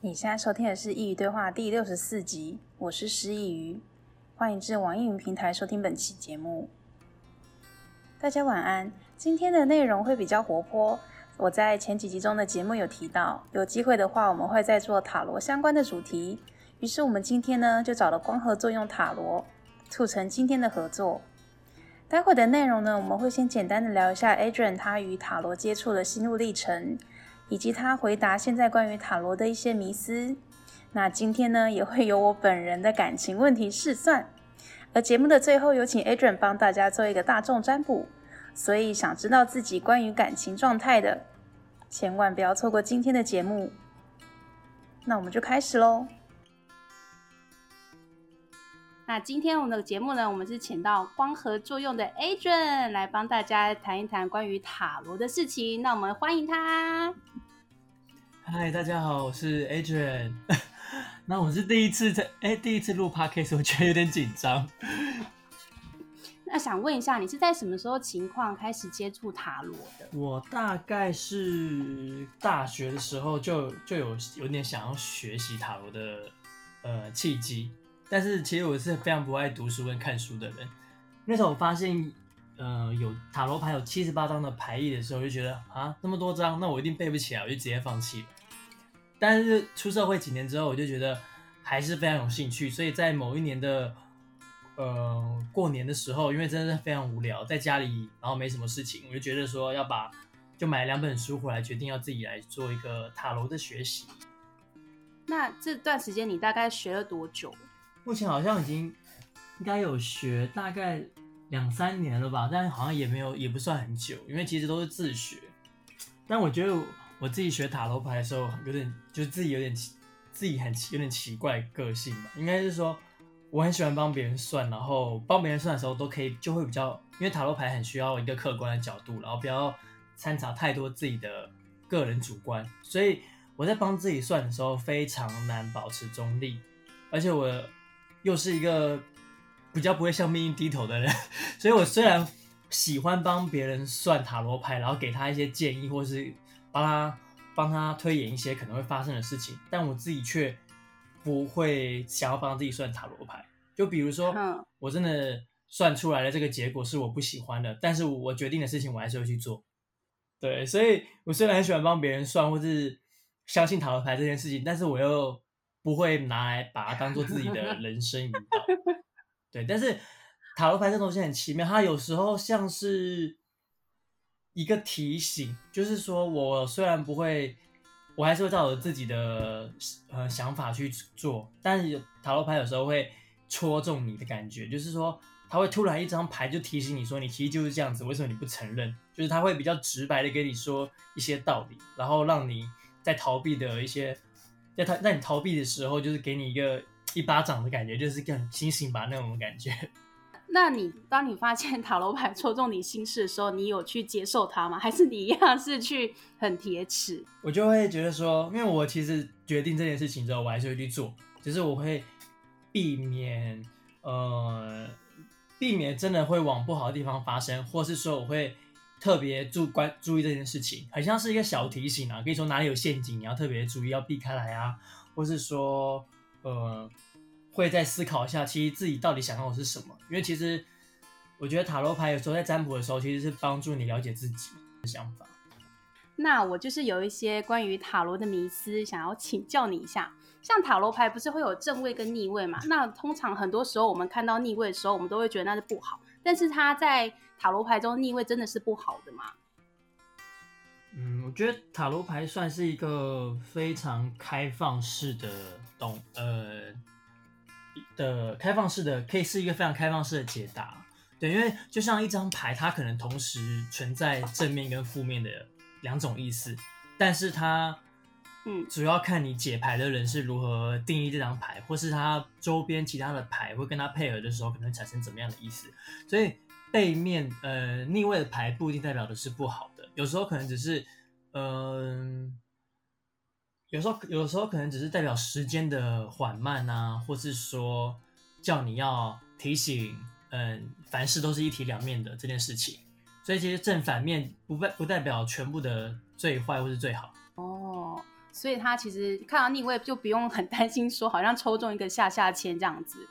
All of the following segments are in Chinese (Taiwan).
你現在收聽的是《異語對話》第六十四集，我是師佾萮，歡迎至網易雲平台收聽本期節目。大家晚安，今天的內容會比較活潑。我在前幾集中的節目有提到，有機會的話，我們會再做塔羅相關的主題。於是我們今天呢，就找了光合作用塔羅，促成今天的合作。待會的內容呢，我們會先簡單的聊一下 Adrian 他與塔羅接觸的心路歷程。以及他回答現在關於塔羅的一些迷思。那今天呢，也會有我本人的感情問題試算。而節目的最後，有請 Adrian 幫大家做一個大眾占卜。所以想知道自己關於感情狀態的，千萬不要錯過今天的節目。那我們就開始嘍。那今天我們的節目呢，我們是請到光合作用的 Adrian 來幫大家談一談關於塔羅的事情。那我們歡迎他。嗨，大家好，我是 Adrian。 那我是第一次在哎、欸、第一次錄 podcast，我覺得有點緊張。 那想問一下，你是在什麼時候情況開始接觸塔羅的？我大概是大學的時候，就就有就有點想要學習塔羅的呃契機，但是其實我是非常不愛讀書跟看書的人。那時候我發現，嗯、呃，有塔羅牌有七十八張的牌意的時候，我就覺得啊，那麼多張，那我一定背不起來，我就直接放棄了但是出社會幾年之後，我就覺得還是非常有興趣，所以在某一年的呃過年的時候，因為真的是非常無聊，在家裡然後沒什麼事情，我就覺得說要把就買兩本書回來，決定要自己來做一個塔羅的學習。那這段時間你大概學了多久？目前好像已經應該有學大概兩三年了吧，但好像也沒有也不算很久，因為其實都是自學。但我覺得。我自己學塔羅牌的時候，有點就是自己有點奇，自己很奇，有點奇怪個性吧。應該是說，我很喜歡幫別人算，然後幫別人算的時候都可以就會比較，因為塔羅牌很需要一個客觀的角度，然後不要摻雜太多自己的個人主觀。所以我在幫自己算的時候非常難保持中立，而且我又是一個比較不會向命運低頭的人，所以我雖然喜歡幫別人算塔羅牌，然後給他一些建議或是。他幫他推演一些可能會發生的事情，但我自己卻不會想要幫自己算塔羅牌。就比如說，我真的算出來的這個結果是我不喜歡的，但是我，我決定的事情我還是會去做。對，所以我雖然很喜歡幫別人算或是相信塔羅牌這件事情，但是我又不會拿來把它當做自己的人生引導。對，但是塔羅牌這東西很奇妙，它有時候像是。一個提醒，就是說我雖然不會，我還是會照我自己的呃想法去做，但是塔羅牌有時候會戳中你的感覺，就是說他會突然一張牌就提醒你說你其實就是這樣子，為什麼你不承認？就是他會比較直白的跟你說一些道理，然後讓你在逃避的一些，在他，在你逃避的時候，就是給你一個一巴掌的感覺，就是更清醒吧那種感覺。那你當你發現塔羅牌戳中你心事的時候，你有去接受它嗎？還是你一樣是去很鐵齒？我就會覺得說，因為我其實決定這件事情之後，我還是會去做，就是我會避免呃避免真的會往不好的地方發生，或是說我會特別注關注意這件事情，很像是一個小提醒啊，可以說哪裡有陷阱，你要特別注意要避開來啊，或是說呃。會再思考一下，其實自己到底想要的是什麼。因為其實我覺得塔羅牌有時候在占卜的時候，其實是幫助你了解自己的想法。那我就是有一些關於塔羅的迷思，想要請教你一下。像塔羅牌不是會有正位跟逆位嘛？那通常很多時候我們看到逆位的時候，我們都會覺得那是不好。但是它在塔羅牌中逆位真的是不好的嗎？嗯，我覺得塔羅牌算是一個非常開放式的東呃。的開放式的可以是一個非常開放式的解答。對，因為就像一張牌，它可能同時存在正面跟負面的兩種意思，但是它，嗯，主要看你解牌的人是如何定義這張牌，或是它周邊其他的牌會跟它配合的時候，可能會產生怎麼樣的意思，所以背面呃逆位的牌不一定代表的是不好的，有時候可能只是，呃。有時候，有時候可能只是代表時間的緩慢啊，或是說叫你要提醒，嗯，凡事都是一體兩面的這件事情，所以其實正反面不代不代表全部的最壞或是最好。哦，oh，所以他其實看到逆位就不用很擔心說，說好像抽中一個下下籤這樣子，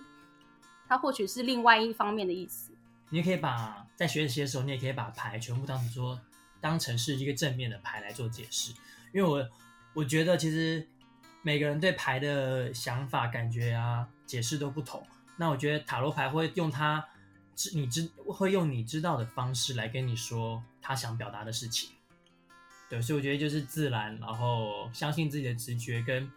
他或許是另外一方面的意思。你也可以把在學習的時候，你也可以把牌全部當成說當成是一個正面的牌來做解釋，因為我。我覺得其實每個人對牌的想法、感覺啊、解釋都不同。那我覺得塔羅牌會用他知你知，會用你知道的方式來跟你說他想表達的事情。對，所以我覺得就是自然，然後相信自己的直覺跟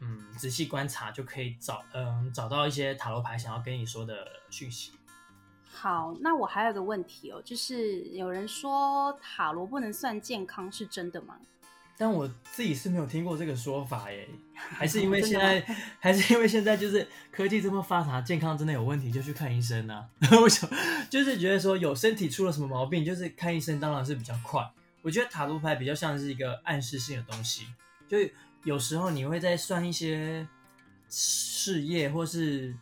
嗯仔細觀察就可以找嗯找到一些塔羅牌想要跟你說的訊息。好，那我還有個問題哦，就是有人說塔羅不能算健康，是真的嗎？但我自己是沒有聽過這個說法耶，還是因為現在， 還是因為現在就是科技這麼發達，健康真的有問題就去看醫生啊。為什麼？就是覺得說有身體出了什麼毛病，就是看醫生當然是比較快。我覺得塔羅牌比較像是一個暗示性的東西，就是有時候你會在算一些事業或是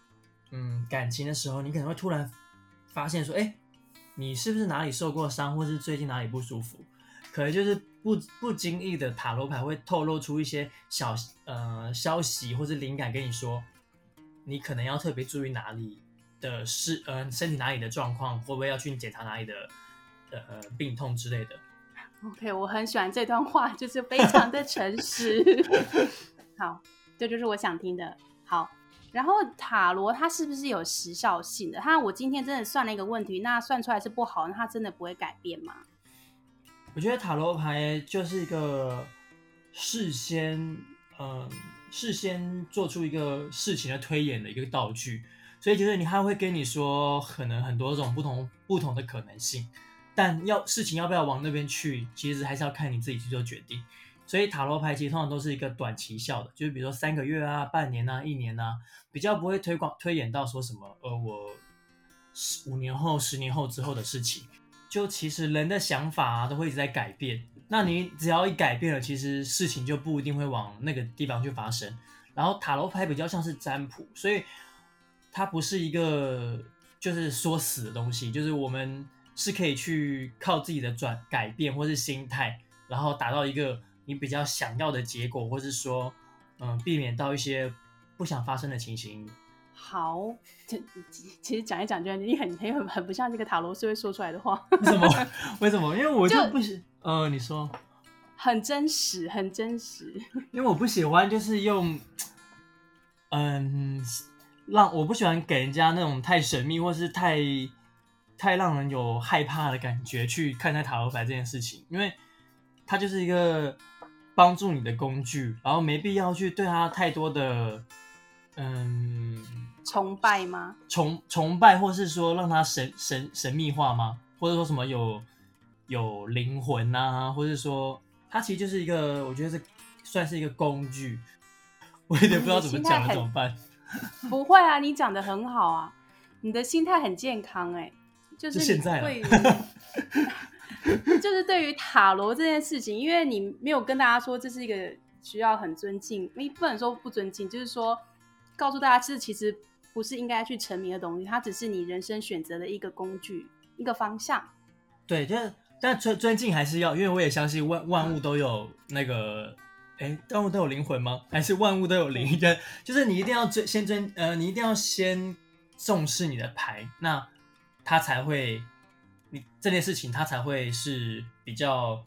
嗯感情的時候，你可能會突然發現說，哎、欸，你是不是哪裡受過傷，或是最近哪裡不舒服？可能就是不不經意的塔羅牌會透露出一些小呃消息或是靈感跟你說，你可能要特別注意哪裡的事呃身體哪裡的狀況，會不會要去檢查哪裡的呃病痛之類的。OK，我很喜歡這段話，就是非常的誠實。 好，這就是我想聽的。好，然後塔羅它是不是有時效性的？它我今天真的算了一個問題，那算出來是不好，那它真的不會改變嗎？我覺得塔羅牌就是一個事先，嗯、呃，事先做出一個事情的推演的一個道具，所以就是他會跟你說，可能很多種不同不同的可能性，但要事情要不要往那邊去，其實還是要看你自己去做決定。所以塔羅牌其實通常都是一個短期效的，就是比如說三個月啊、半年啊、一年啊，比較不會推廣推演到說什麼呃，我十五年後、十年後之後的事情。就其實人的想法啊都會一直在改變，那你只要一改變了，其實事情就不一定會往那個地方去發生。然後塔羅牌比較像是占卜，所以它不是一個就是說死的東西，就是我們是可以去靠自己的轉改變或是心態，然後達到一個你比較想要的結果，或是說，嗯，避免到一些不想發生的情形。好，其實講一講就，你很很很不像這個塔羅師會說出來的話。 為什麼？為什麼？因為我就不是，呃，你說。很真實，很真實。因為我不喜歡，就是用，嗯、呃，讓我不喜歡給人家那種太神秘或是太太讓人有害怕的感覺去看待塔羅牌這件事情，因為它就是一個幫助你的工具，然後沒必要去對他太多的。嗯，崇拜嗎？崇崇拜，或是說讓他神神神秘化嗎？或者說什麼有有靈魂啊？或者說他其實就是一個，我覺得這算是一個工具。我有點不知道怎麼講，怎麼辦？不會啊，你講的很好啊，你的心態很健康哎、欸。就是就現在。 就是對於塔羅這件事情，因為你沒有跟大家說這是一個需要很尊敬，你不能說不尊敬，就是說。告訴大家，這其實不是應該去沉迷的東西，它只是你人生選擇的一個工具，一個方向。對，就是但尊尊敬還是要，因為我也相信萬萬物都有那個，哎、嗯，萬、欸、物都有靈魂嗎？還是萬物都有靈、嗯？就是你一定要尊先尊，呃，你一定要先重視你的牌，那他才會，你這件事情他才會是比較，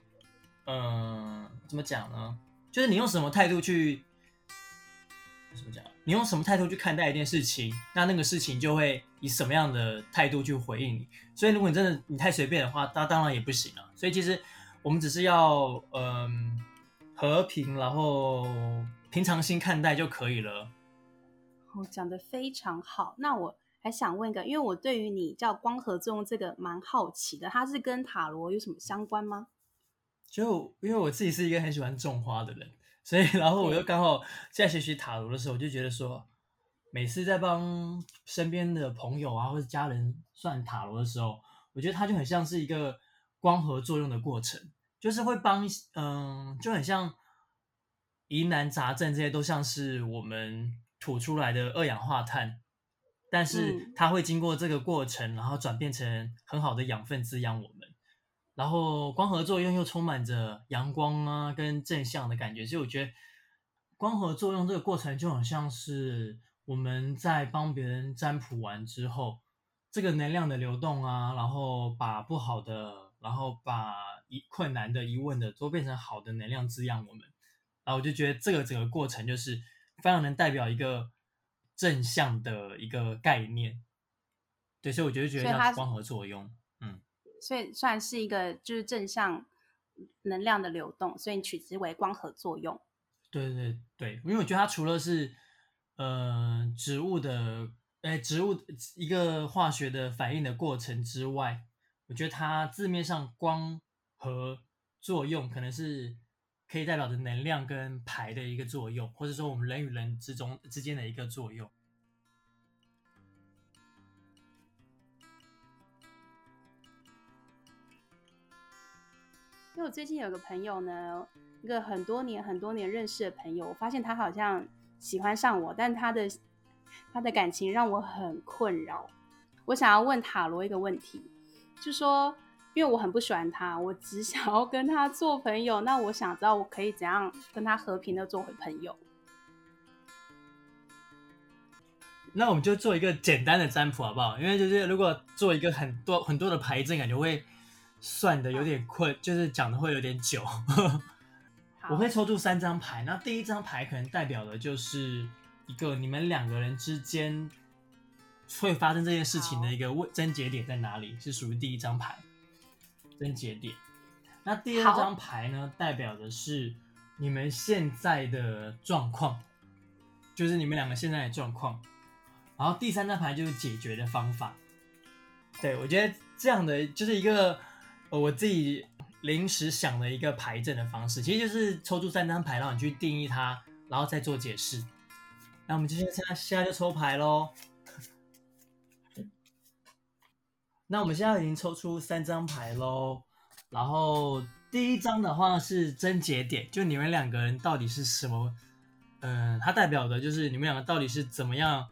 嗯、呃，怎麼講呢？就是你用什麼態度去，怎麼講？你用什麼態度去看待一件事情，那那個事情就會以什麼樣的態度去回應你。所以，如果你真的你太隨便的話，那當然也不行了，啊。所以，其實我們只是要嗯和平，然後平常心看待就可以了。我，哦，講得非常好。那我還想問一個，因為我對於你叫光合作用這個蠻好奇的，它是跟塔羅有什麼相關嗎？就因為我自己是一個很喜歡種花的人。所以，然後我又剛好在學習塔羅的時候，我就覺得說，每次在幫身邊的朋友啊或者家人算塔羅的時候，我覺得它就很像是一個光合作用的過程，就是會幫，嗯、呃，就很像疑難雜症這些都像是我們吐出來的二氧化碳，但是它會經過這個過程，然後轉變成很好的養分滋養我們。然後光合作用又充滿着陽光啊，跟正向的感覺，所以我覺得光合作用這個過程就好像是我們在幫別人占卜完之後，這個能量的流動啊，然後把不好的，然後把一困難的、疑問的，都變成好的能量滋養我們。然後我就覺得這個整個過程就是非常能代表一個正向的一個概念。對，所以我就覺得那是光合作用。所以算是一個就是正向能量的流動，所以取之為光合作用。對對對，因為我覺得它除了是呃植物的，呃植物的一個化學的反應的過程之外，我覺得它字面上光合作用可能是可以代表着能量跟牌的一個作用，或者說我們人與人之中之間的一個作用。因為我最近有一個朋友呢，一個很多年很多年認識的朋友，我發現他好像喜歡上我，但他的他的感情讓我很困擾。我想要問塔羅一個問題，就說因為我很不喜歡他，我只想要跟他做朋友。那我想知道我可以怎樣跟他和平的做回朋友？那我們就做一個簡單的占卜好不好？因為就是如果做一個很多很多的牌陣，感覺會。算得有點困，嗯、就是講得會有點久。 我會抽出三張牌，那第一張牌可能代表的就是一個你們兩個人之間會發生這件事情的一個問症結點在哪裡，是屬於第一張牌症結點。那第二張牌呢，代表的是你們現在的狀況，就是你們兩個現在的狀況。然後第三張牌就是解決的方法。對，我覺得這樣的就是一個。我自己臨時想了一個牌陣的方式，其實就是抽出三張牌，讓你去定義它，然後再做解釋。那我們繼續，現在現在就抽牌嘍。那我們現在已經抽出三張牌嘍，然後第一張的話是癥結點，就你們兩個人到底是什麼？嗯、呃，它代表的就是你們兩個到底是怎麼樣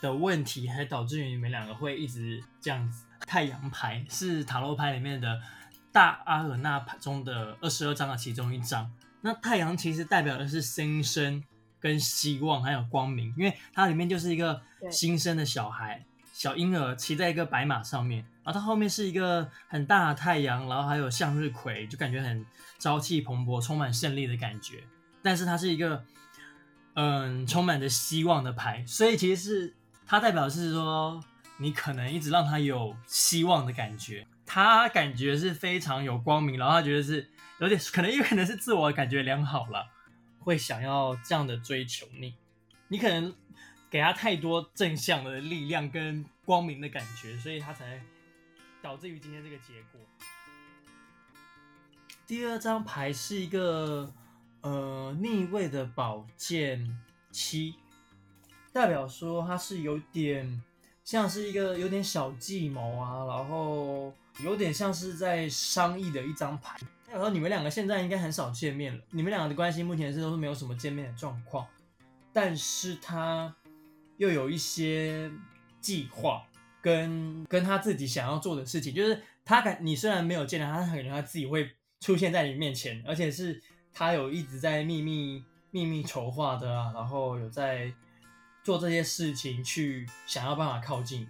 的問題，還導致於你們兩個會一直這樣子。太陽牌是塔羅牌裡面的《大阿爾那牌》中的二十二張的其中一張。那太陽其實代表的是新生，生、跟希望，還有光明，因為它裡面就是一個新生的小孩、小嬰兒騎在一個白馬上面，然後它後面是一個很大的太陽，然後還有向日葵，就感覺很朝氣蓬勃、充滿勝利的感覺。但是它是一個，嗯，充滿着希望的牌，所以其實是它代表的是說。你可能一直讓他有希望的感覺，他感覺是非常有光明，然後他覺得是有點可能，因為可能是自我感覺良好了，會想要這樣的追求你。你可能給他太多正向的力量跟光明的感覺，所以他才導致於今天這個結果。第二張牌是一個呃、逆位的寶劍七，代表說他是有點。像是一個有點小計謀啊，然後有點像是在商議的一張牌。有時候你們兩個現在應該很少見面了，你們兩個的關係目前是都是沒有什麼見面的狀況。但是他又有一些計劃跟跟他自己想要做的事情，就是他肯你雖然沒有見到他，可能他自己會出現在你面前，而且是他有一直在秘密秘密籌劃的啊，然後有在。做這些事情，去想要辦法靠近。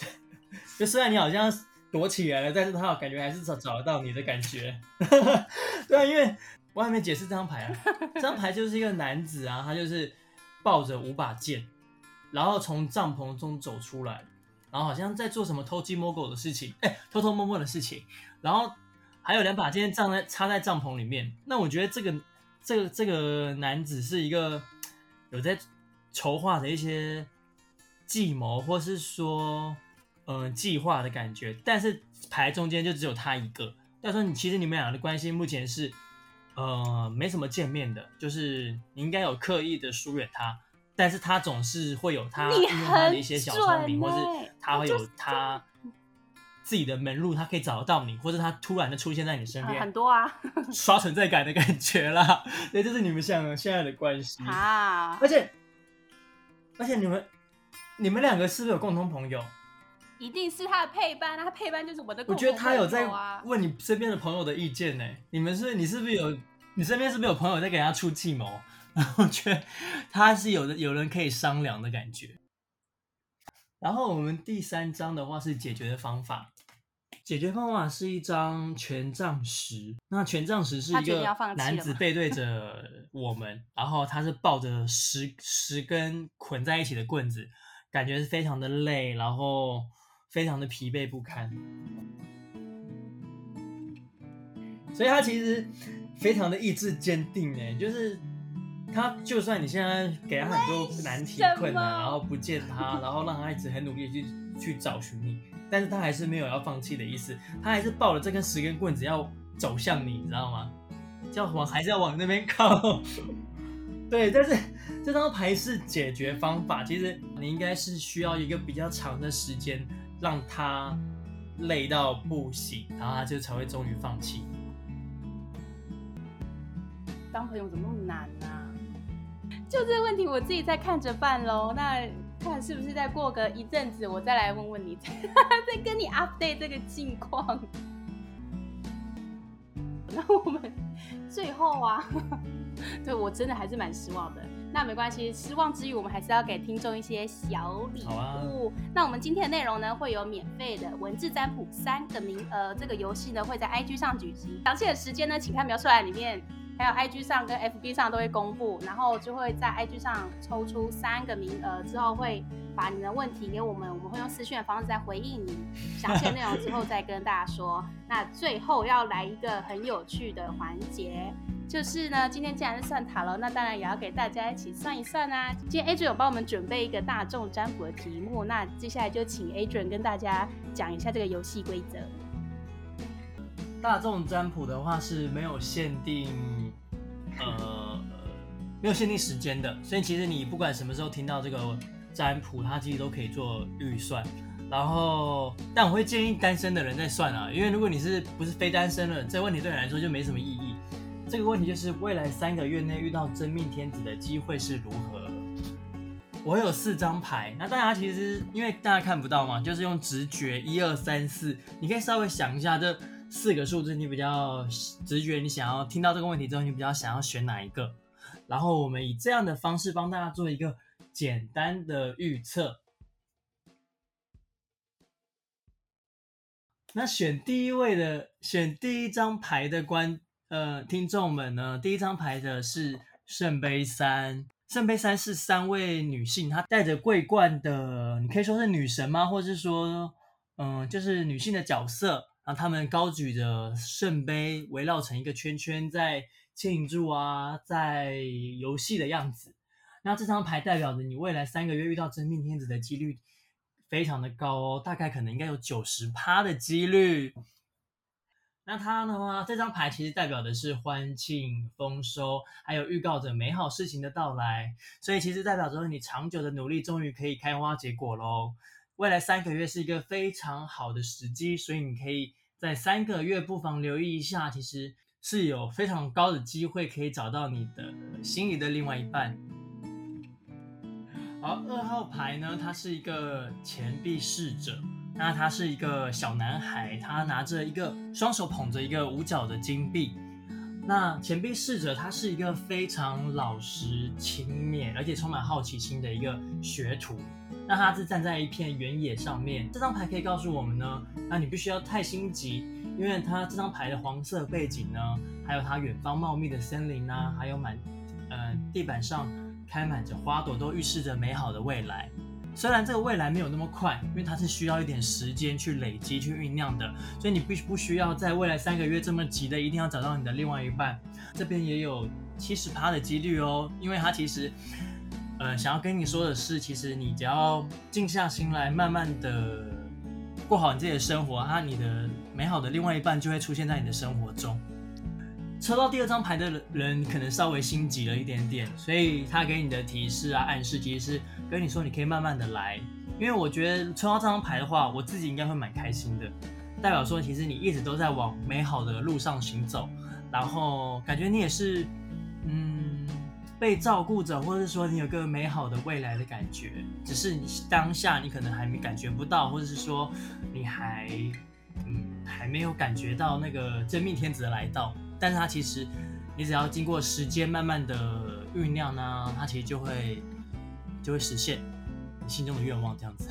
就雖然你好像躲起來了，但是他有感覺還是找找得到你的感覺。 對啊，因為我還沒解釋這張牌啊， 這張牌就是一個男子啊，他就是抱着五把劍，然後從帳篷中走出來，然後好像在做什麼偷雞摸狗的事情，欸，偷偷摸摸的事情。然後還有兩把劍藏在插在帳篷裡面。那我覺得這個這個這個男子是一個有在。籌劃的一些計謀，或是說，嗯、呃，計劃的感覺。但是牌中間就只有他一個。要說你，其實你們兩個的關係目前是，呃，沒什麼見面的，就是你應該有刻意的疏遠他，但是他總是會有他利用他的一些小聰明，欸，或是他會有他自己的門路，他可以找得到你，或者他突然的出現在你身邊，呃、很多啊， 刷存在感的感覺啦。 對，這、就是你們像現在的關係啊，而且。而且你們，你們兩個是不是有共同朋友？一定是他的配班，那他配班就是我的朋友啊。我覺得他有在問你身邊的朋友的意見呢。你們是，是，你是不是有，你身邊是不是有朋友在給他出計謀？我 覺得他是有的，有人可以商量的感覺。然後我們第三張的話是解決的方法。解決方法是一張權杖十。那權杖十是一個男子背對着我們， 然後他是抱着十十根捆在一起的棍子，感覺是非常的累，然後非常的疲憊不堪。所以他其實非常的意志堅定哎，就是他就算你現在給他很多難題困難，啊，然後不見他，然後讓他一直很努力去。去找尋你，但是他還是沒有要放棄的意思，他還是抱着這根十根棍子要走向你，你知道嗎？叫什麼還是要往那邊靠？ 對，但是這張牌是解決方法，其實你應該是需要一個比較長的時間，讓他累到不行，然後他就才會終於放棄。當朋友怎麼那麼難呢、啊？就這個問題，我自己在看着辦嘍。那。看是不是再過個一陣子，我再來問問你，再跟你 update 這個近況。那我們最後啊，對我真的還是蠻失望的。那沒關係，失望之餘，我們還是要給聽眾一些小禮物、啊。那我們今天的內容呢，會有免費的文字占卜三個名額，呃，這個遊戲呢，會在 IG 上舉行，詳細的時間呢，請看描述欄裡面。還有 IG 上跟 FB 上都會公布，然後就會在 IG 上抽出三個名額，之後會把你的問題給我們，我們會用私訊的方式再回應你，詳細內容之後再跟大家說。 那最後要來一個很有趣的環節，就是呢，今天既然是算塔羅，那當然也要給大家一起算一算啊。今天 Adrian 有幫我們準備一個大眾占卜的題目，那接下來就請 Adrian 跟大家講一下這個遊戲規則。大眾占卜的話是沒有限定，呃、呃，沒有限定時間的，所以其實你不管什麼時候聽到這個占卜，它其實都可以做預算。然後，但我會建議單身的人在算啊，因為如果你是不是非單身的人，這問題對你來說就沒什麼意義。這個問題就是未來三個月內遇到真命天子的機會是如何？我有四張牌，那大家其實因為大家看不到嘛，就是用直覺，一二三四，你可以稍微想一下這。四個數字，你比較直覺，你想要聽到這個問題之後，你比較想要選哪一個？然後我們以這樣的方式幫大家做一個簡單的預測。那選第一位的，選第一張牌的觀呃聽眾們呢？第一張牌的是聖杯三，聖杯三是三位女性，她戴着桂冠的，你可以說是女神嗎？或者是說，嗯、呃，就是女性的角色。然後他們高舉着聖杯，圍繞成一個圈圈，在慶祝啊，在遊戲的樣子。那這張牌代表着你未來三個月遇到真命天子的幾率非常的高哦，大概可能應該有九十趴的幾率。那它呢？這張牌其實代表的是歡慶豐收，還有預告着美好事情的到來。所以其實代表着你長久的努力終於可以開花結果嘍。未來三個月是一個非常好的時機，所以你可以在三個月不妨留意一下，其實是有非常高的機會可以找到你的心儀的另外一半。而二號牌呢，它是一個錢幣侍者，那他是一個小男孩，他拿着一個雙手捧着一個五角的金幣。那錢幣侍者，他是一個非常老實、勤勉，而且充滿好奇心的一個學徒。那他是站在一片原野上面，這張牌可以告訴我們呢。那你不需要太心急，因為他這張牌的黃色背景呢，還有他遠方茂密的森林啊，還有滿，嗯、呃，地板上開滿着花朵，都預示着美好的未來。雖然這個未來沒有那麼快，因為它是需要一點時間去累積、去醞釀的，所以你必須不需要在未來三個月這麼急的一定要找到你的另外一半。這邊也有七十趴的幾率哦，因為它其實，呃，想要跟你說的是，其實你只要靜下心來，慢慢的過好你自己的生活，啊，你的美好的另外一半就會出現在你的生活中。抽到第二張牌的人，可能稍微心急了一點點，所以他給你的提示啊、暗示，其實是跟你說你可以慢慢的來。因為我覺得抽到這張牌的話，我自己應該會蠻開心的，代表說其實你一直都在往美好的路上行走，然後感覺你也是，嗯，被照顧着，或者是說你有個美好的未來的感覺，只是你當下你可能還沒感覺不到，或者是說你還，嗯，還沒有感覺到那個真命天子的來到。但是它其實，你只要經過時間慢慢的醞釀呢，它其實就會就會實現你心中的願望這樣子。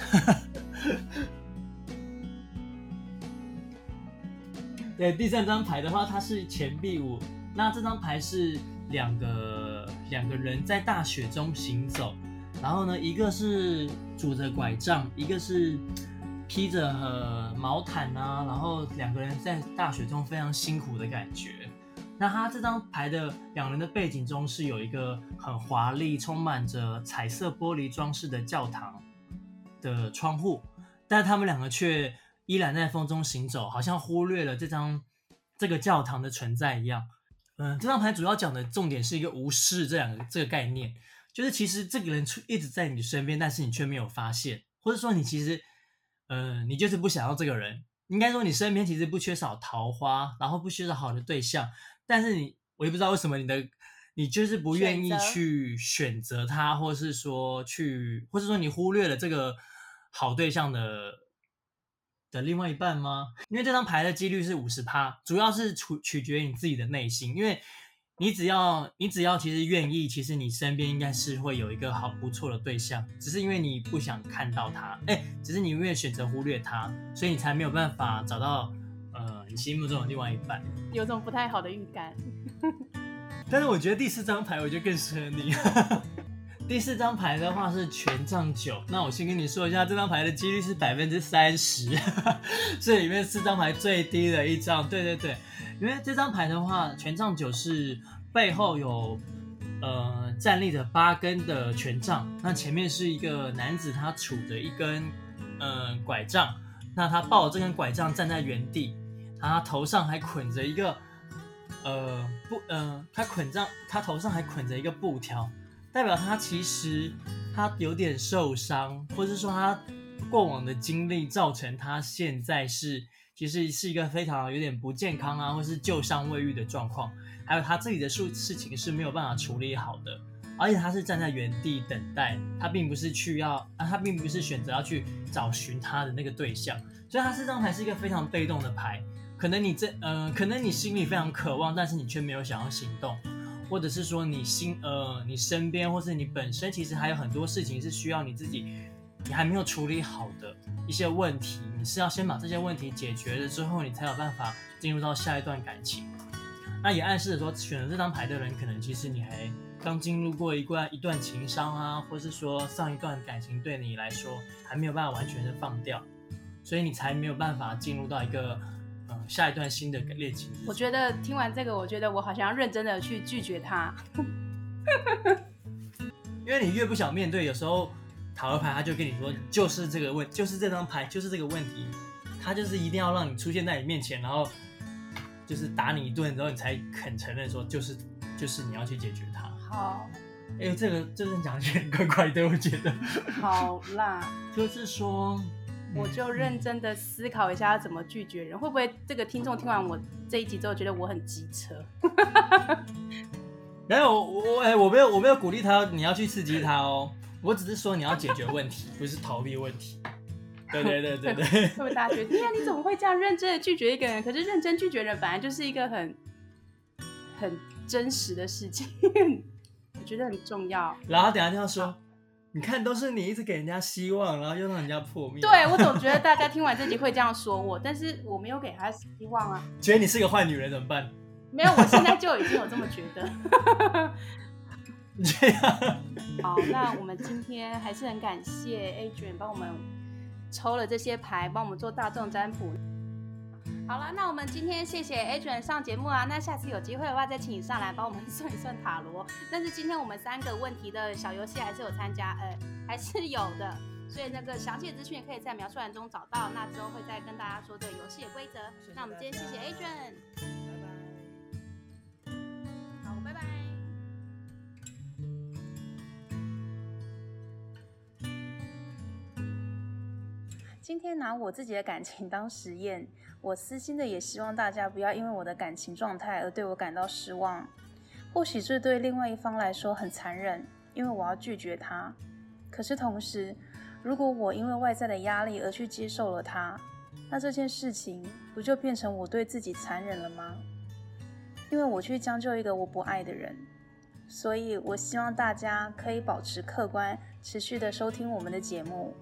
對，第三張牌的話，它是錢幣五。那這張牌是兩個兩個人在大雪中行走，然後呢，一個是拄着拐杖，一個是披着呃毛毯啊，然後兩個人在大雪中非常辛苦的感覺。那他這張牌的兩人的背景中是有一個很華麗、充滿着彩色玻璃裝飾的教堂的窗戶，但他們兩個卻依然在風中行走，好像忽略了這張這個教堂的存在一樣。嗯、呃，這張牌主要講的重點是一個無視這兩個這個概念，就是其實這個人出一直在你身邊，但是你卻沒有發現，或者說你其實，嗯、呃，你就是不想要這個人。應該說你身邊其實不缺少桃花，然後不缺少好的對象。但是你，我也不知道為什麼你的，你就是不願意去選擇他，或是說去，或是說你忽略了這個好對象的的另外一半嗎？因為這張牌的幾率是五十趴，主要是取取決於你自己的內心，因為你只要你只要其實願意，其實你身邊應該是會有一個好不錯的對象，只是因為你不想看到他，哎、欸，只是你永遠選擇忽略他，所以你才沒有辦法找到。呃，你心目中的另外一半，有種不太好的預感。 但是我覺得第四張牌，我覺得更適合你。 第四張牌的話是權杖九，那我先跟你說一下這張牌的幾率是百分之三十，這裡面四張牌最低的一張。對對對，因為這張牌的話，權杖九是背後有呃站立着八根的權杖，那前面是一個男子，他杵着一根嗯、呃、拐杖，那他抱着這根拐杖站在原地。他頭上還捆着一個，呃，布，嗯、呃，他捆上，他頭上還捆着一個布條，代表他其實他有點受傷，或是說他過往的經歷造成他現在是其實是一個非常有點不健康啊，或是舊傷未癒的狀況。還有他自己的事事情是沒有辦法處理好的，而且他是站在原地等待，他並不是去要啊，他並不是選擇要去找尋他的那個對象，所以他這張牌是一個非常被動的牌。可能你這，嗯、呃，可能你心裡非常渴望，但是你卻沒有想要行動，或者是說你心，呃，你身邊，或是你本身，其實還有很多事情是需要你自己，你還沒有處理好的一些問題，你是要先把這些問題解決了之後，你才有辦法進入到下一段感情。那也暗示着說，選擇這張牌的人，可能其實你還剛進入過一段一段情傷啊，或是說上一段感情對你來說還沒有辦法完全的放掉，所以你才沒有辦法進入到一個。下一段新的戀情。我覺得聽完這個，我覺得我好像要認真的去拒絕他 。因為你越不想面對，有時候塔羅牌他就跟你說，就是這個問，就是這張牌，就是這個問題，他就是一定要讓你出現在你面前，然後就是打你一頓，然後你才肯承認說，就是就是你要去解決它。好，哎、欸，這個這陣講的有點怪怪的，我覺得。好啦， 就是說。我就認真的思考一下要怎麼拒絕人，會不會這個聽眾聽完我這一集之後覺得我很機車？ 沒有，我我哎、欸，我沒有我沒有鼓勵他，你要去刺激他哦。我只是說你要解決問題， 不是逃避問題。對對對對對。 會不會大家覺得，哎、 啊，你怎麼會這樣認真的拒絕一個人？可是認真拒絕人，本來就是一個很很真實的事情， 我覺得很重要。然後等下要說。啊你看，都是你一直給人家希望，然後又讓人家破滅。對，我總覺得大家聽完這集會這樣說我， 但是我沒有給他希望啊。覺得你是個壞女人怎麼辦？沒有，我現在就已經有這麼覺得。這樣。好，那我們今天還是很感謝 Adrian 幫我們抽了這些牌，幫我們做大眾占卜。好了，那我們今天謝謝 Adrian 上節目啊，那下次有機會的話再請你上來幫我們算一算塔羅。但是今天我們三個問題的小遊戲還是有參加，呃，還是有的。所以那個詳細的資訊也可以在描述欄中找到，那之後會再跟大家說這個遊戲的規則，謝謝。那我們今天謝謝 Adrian。今天拿我自己的感情當實驗，我私心的也希望大家不要因為我的感情狀態而對我感到失望。或許這對另外一方來說很殘忍，因為我要拒絕他。可是同時，如果我因為外在的壓力而去接受了他，那這件事情不就變成我對自己殘忍了嗎？因為我去將就一個我不愛的人。所以我希望大家可以保持客觀，持續的收聽我們的節目。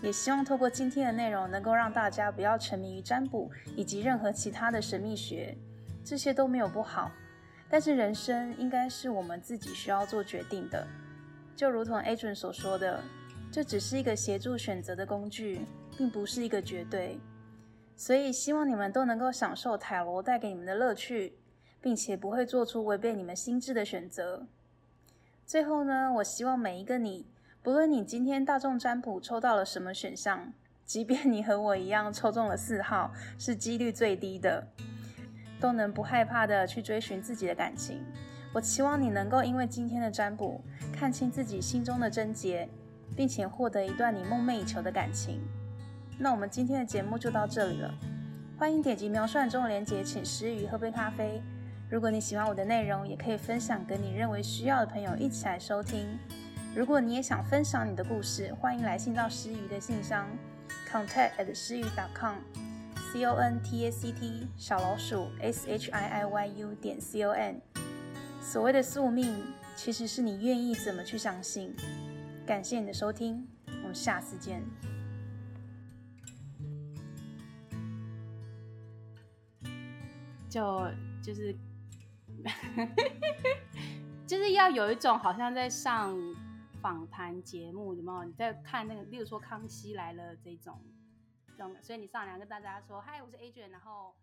也希望透過今天的內容，能夠讓大家不要沉迷於占卜以及任何其他的神秘學，這些都沒有不好，但是人生應該是我們自己需要做決定的。就如同 Adrian 所說的，這只是一個協助選擇的工具，並不是一個絕對。所以希望你們都能夠享受塔羅帶給你們的樂趣，並且不會做出違背你們心智的選擇。最後呢，我希望每一個你。無論你今天大眾占卜抽到了什麼選項，即便你和我一樣抽中了四號，是幾率最低的，都能不害怕的去追尋自己的感情。我期望你能夠因為今天的占卜，看清自己心中的症結，並且獲得一段你夢寐以求的感情。那我們今天的節目就到這裡了，歡迎點擊描述中的鏈接，請師佾萮喝杯咖啡。如果你喜歡我的內容，也可以分享給你認為需要的朋友一起來收聽。如果你也想分享你的故事，歡迎來信到師佾萮的信箱，contact@ at 師佾萮點 com c o n t a c t 小老鼠 s h i i y u 點 c o n。所謂的宿命，其實是你願意怎麼去相信。感謝你的收聽，我們下次見。就就是 就是要有一種好像在上。訪談節目，有沒有你在看那個？例如說《康熙來了》這種，所以你上來跟大家說：“嗨，我是 Adrian，然後。